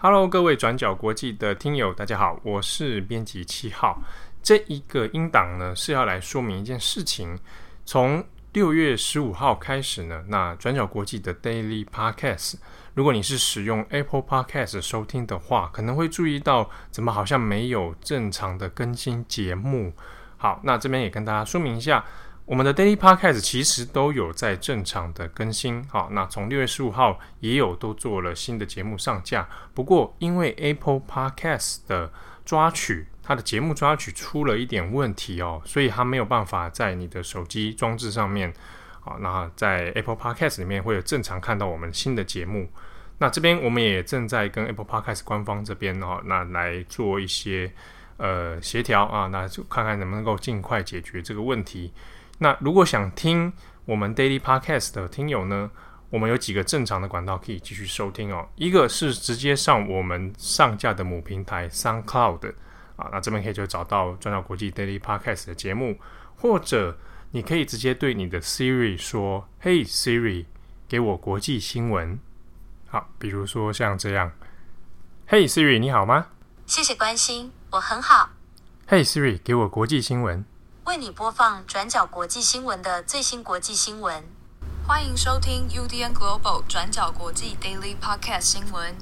Hello，各位轉角國際的聽友，大家好，我是編輯七號。這一個音檔呢，是要來說明一件事情。從六月十五號開始呢，那轉角國際的 Daily Podcast，如果你是使用 Apple Podcast 收聽的話，可能會注意到怎麼好像沒有正常的更新節目。好，那這邊也跟大家說明一下。我們的 Daily Podcast 其實都有在正常的更新，好，那從六月十五號也有都做了新的節目上架。不過因為 Apple Podcast 的抓取，它的節目抓取出了一點問題哦，所以它沒有辦法在你的手機裝置上面。好，那在 Apple Podcast 裡面會有正常看到我們新的節目。那這邊我們也正在跟 Apple Podcast 官方這邊哦，那來做一些呃協調啊，那就看看能不能夠盡快解決這個問題。那如果想聽我們 Daily Podcast 的聽友呢，我們有幾個正常的管道可以繼續收聽哦。一個是直接上我們上架的母平台 SoundCloud 啊，那這邊可以就找到《轉角國際 Daily Podcast》的節目，或者你可以直接對你的 Siri 說：“Hey Siri，給我國際新聞。”好，比如說像這樣：“Hey Siri，你好嗎？”謝謝關心，我很好。Hey Siri，給我國際新聞。為你播放《轉角國際新聞》的最新國際新聞，歡迎收聽 UDN Global 轉角國際 Daily Podcast 新聞。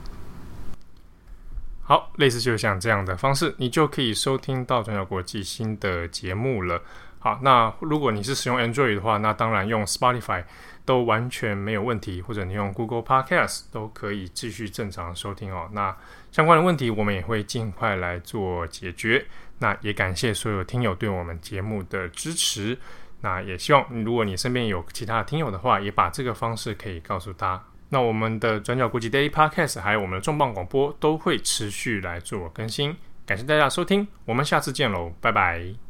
好，類似就像這樣的方式，你就可以收聽到轉角國際新的節目了。好，那如果你是使用 Android 的話，那當然用 Spotify 都完全沒有問題，或者你用 Google Podcast 都可以繼續正常收聽哦。那相關的問題我們也會盡快來做解決。那也感謝所有聽友對我們節目的支持。那也希望如果你身邊有其他的聽友的話，也把這個方式可以告訴他。那我們的轉角國際 Daily Podcast 還有我們的重磅廣播都會持續來做更新。感謝大家的收聽，我們下次見嘍，拜拜。